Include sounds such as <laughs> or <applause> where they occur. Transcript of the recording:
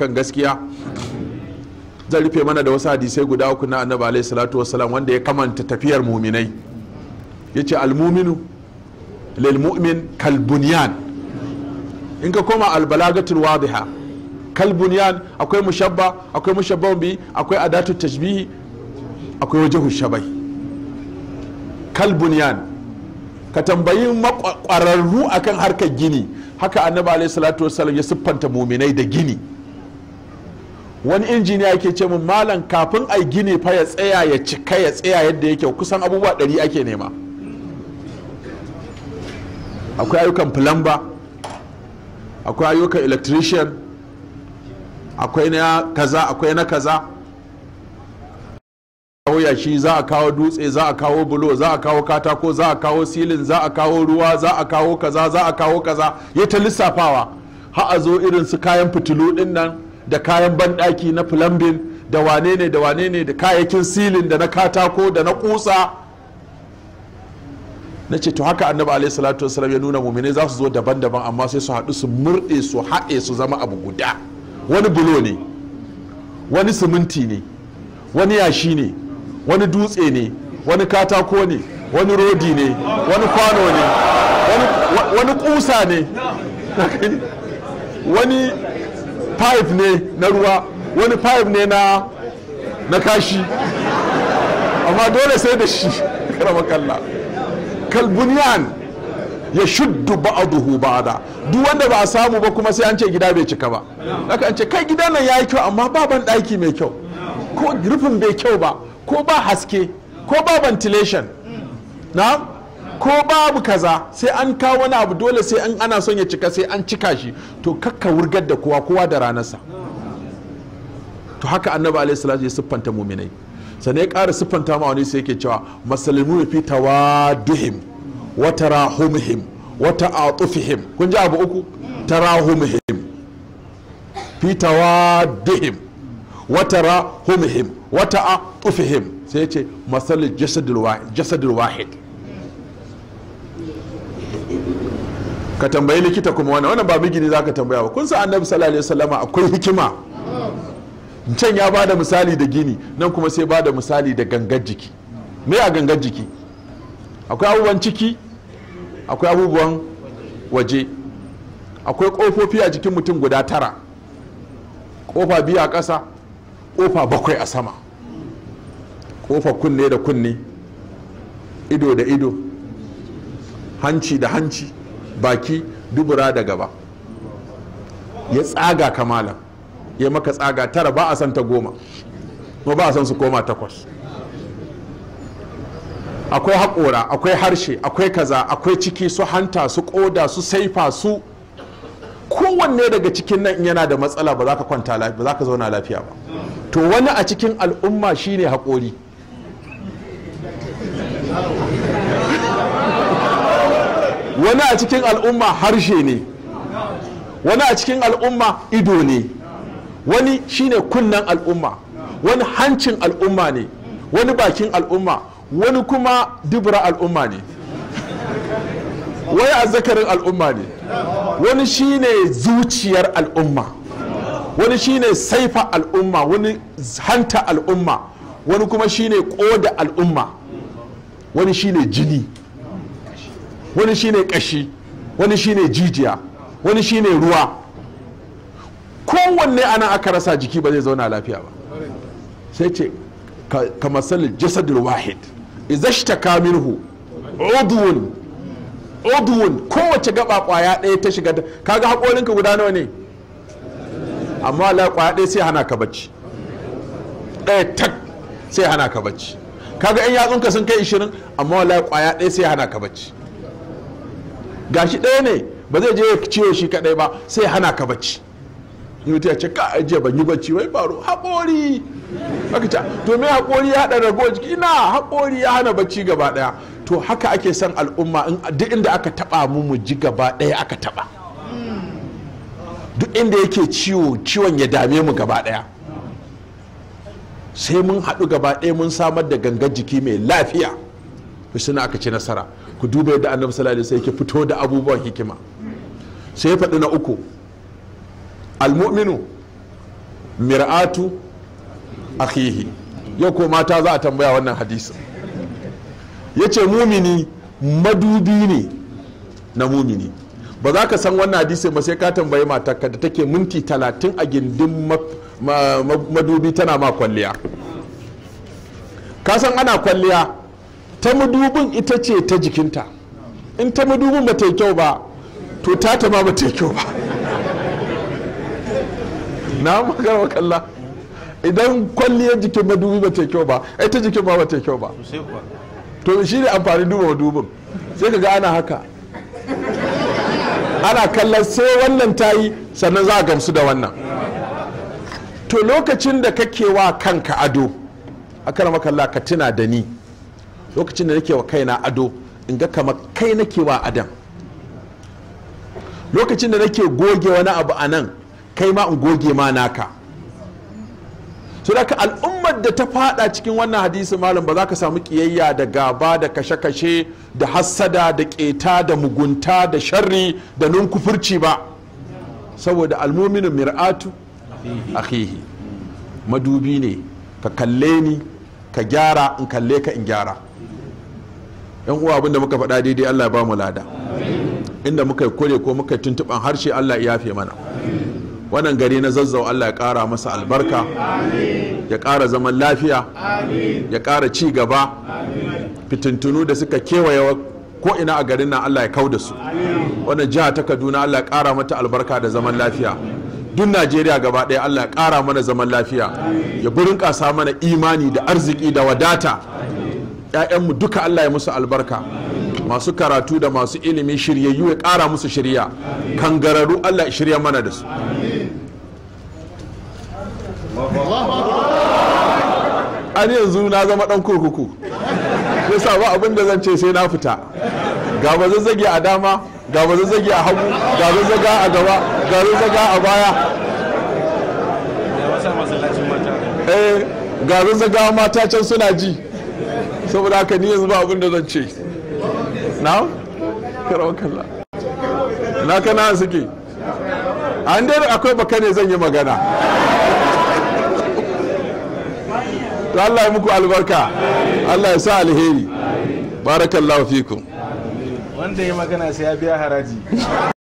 kan gaskiya zan rufe mana da wasu hadisai guda uku na annabi alaihi salatu wasalam wanda ya kamanta tafiyar muminai yace almuminu lil mu'min kal bunyan in ka koma al balagatul wadiha kal bunyan akwai mushabba akwai mushabba bi akwai adatu tashbihi akwai wajhu shabai kal bunyan ka tambayi makwararru akan harkar gini haka annabi alaihi salatu wasalam ya siffanta muminai da gini wani injiniya yake ce min malam kafin ai gini fa ya tsaya ya cika ya tsaya yadda yake kusan abubuwa ɗari ake nema akwai ayyukan plumber akwai ayyukan electrician akwai na kaza akwai na kaza kawo yashi za a kawo dutse za a kawo bulo za a kawo katako za a kawo silin za a kawo ruwa za a kawo kaza za a kawo kaza ya ta lissafawa ha a zo irin su kayan fitilu din nan da kayan banɗaki na plumbing da wane ne da wane ne da kayayyakin silin da na katako da na kusa na ce to haka annabi alaihi salatu wasallam ya nuna muminai za su zo daban-daban amma sai su haɗu su murɗe su haɗe su zama abu guda wani bulo ne wani siminti ne wani yashi ne wani dutse ne wani katako ne wani rodi ne wani kwano ne wani kusa ne <laughs> wani pipe ne na ruwa wani pipe ne na na kashi amma dole sai da shi <laughs> karama kalla kalbuniyan ya shuddu ba'aduhu ba'ada duk wanda ba a samu ba kuma sai an ce gida bai cika ba haka an ce kai gidan nan yayi kyau amma ba ban mai kyau ko rufin bai kyau ba ko ba haske ko ba ventilation na. ko babu kaza sai an kawo wani abu dole sai an ana son ya cika sai an cika shi to kakka wurgar da kowa kowa da ranarsa to haka annabi alayhi salatu ya siffanta muminai sannan ya ƙara siffanta ma wani sai yake cewa masalimu fi tawaduhim wa tarahumhim wa ta'atufihim kun ji abu uku tarahumhim fi tawaduhim wa tarahumhim wa ta'atufihim sai ya ce wahid jasadul wahid ka tambayi likita kuma wani, wannan ba bigini za ka tambaya ba kun sa annabi sallallahu alaihi wasallama akwai hikima can ya bada misali da gini nan kuma sai bada misali da gangar jiki me a gangar jiki akwai abubuwan ciki akwai abubuwan waje akwai kofofi a jikin mutum guda tara kofa biyu a ƙasa kofa bakwai a sama kofa kunne da kunne ido da ido hanci da hanci baki dubura da gaba ya tsaga kamala ya maka tsaga tara ba a san ta goma ma ba a san su koma takwas akwai haƙora akwai harshe akwai kaza akwai ciki su hanta su ƙoda su saifa su kowanne daga cikin nan yana da matsala ba za ka zauna lafiya ba to wani a cikin al'umma shine haƙori wani a cikin al'umma harshe ne wani a cikin al'umma ido ne wani shine kunnen al'umma wani hancin al'umma ne wani bakin al'umma wani kuma dubura al'umma ne wani azzakarin al'umma ne wani shine zuciyar al'umma wani shine saifa al'umma wani hanta al'umma wani kuma shine koda al'umma wani shine jini wani shine kashi wani shine jijiya wani shine ruwa kowanne ana aka rasa jiki ba zai zauna lafiya ba sai ce ka masalin jasadul wahid izashtaka minhu udwun udwun kowace gaba kwaya ɗaya ta shiga kaga haƙorinka guda nawa ne amma la kwaya ɗaya sai hana ka bacci ɗaya tak sai hana ka bacci kaga 'yan yatsunka sun kai 20 amma la kwaya ɗaya sai hana ka bacci gashi ɗaya ne ba zai je ya ciwo shi kaɗai ba sai hana ka bacci mutu ya ce ka ajiye ban yi bacci wai faru haƙori haka ta to me haƙori ya haɗa rago jiki ina haƙori ya hana bacci gaba ɗaya to haka ake son al'umma duk inda aka taɓa mu mu ji gaba ɗaya aka taɓa duk inda yake ciwo ciwon ya dame mu gaba ɗaya sai mun haɗu gaba ɗaya mun samar da gangan jiki mai lafiya to aka ci nasara ku duba yadda annabi sallallahu alaihi yake fito da abubuwan hikima sai ya faɗi na uku almu'minu mir'atu akhihi yau ko mata za a tambaya wannan hadisi ya ce mumini madubi ne na mumini ba za ka san wannan hadisi ba sai ka tambayi matarka da take minti talatin a gindin madubi tana ma kwalliya ka san ana kwalliya ta mudubin ita ce ta jikinta in ta madubin ba ta kyau ba to ta ta ma ba ta kyau ba na magana wa kalla idan kwalliyar jikin madubi ba ta kyau ba ai ta jikin ma ba ta kyau ba to shi ne amfani duba madubin sai ka ga ana haka ana kallon sai wannan ta yi sannan za a gamsu da wannan to lokacin da kake wa kanka ado a makalla ka tuna da ni lokacin da nake wa kaina ado in ga kamar kai nake wa adam lokacin da nake goge wani abu a nan kai ma in goge ma naka so al'ummar da ta fada cikin wannan hadisi malam ba za ka samu kiyayya da gaba da kashe-kashe da hassada da keta da mugunta da sharri da nunkufurci ba saboda almominin mir'atu akhihi madubi ne ka kalle ni ka gyara in kalle ka in gyara yan uwa abinda muka faɗa daidai Allah ya ba mu lada inda muka yi kore ko muka yi tuntuɓan harshe Allah ya fi mana wannan gari na zazzau Allah ya ƙara masa albarka ya ƙara zaman lafiya ya ƙara ci gaba fitintunu da suka kewaye ko ina a garin nan Allah ya kau da su wannan jiha ta Kaduna Allah ya ƙara mata albarka da zaman lafiya duk najeriya gaba ɗaya allah ya ƙara mana zaman lafiya ya burin ƙasa mana imani da arziki da wadata 'ya'yanmu duka allah ya musu albarka masu karatu da masu ilimi shiryayyu ya ƙara musu shirya kangararru allah shirya mana da su an yanzu na zama ɗan kurkuku yasa ba abin da zan ce sai na fita ga ba zazzage a dama ga ba zazzage a hagu ga zazzaga a gaba garin zaga a baya eh garin zaga mata can suna ji saboda haka ni yanzu ba abin da zan ce na karawa kalla na kana suke an dai akwai baka ne zan yi magana Allah ya muku albarka Allah ya sa alheri barakallahu fikum wanda ya magana sai ya biya haraji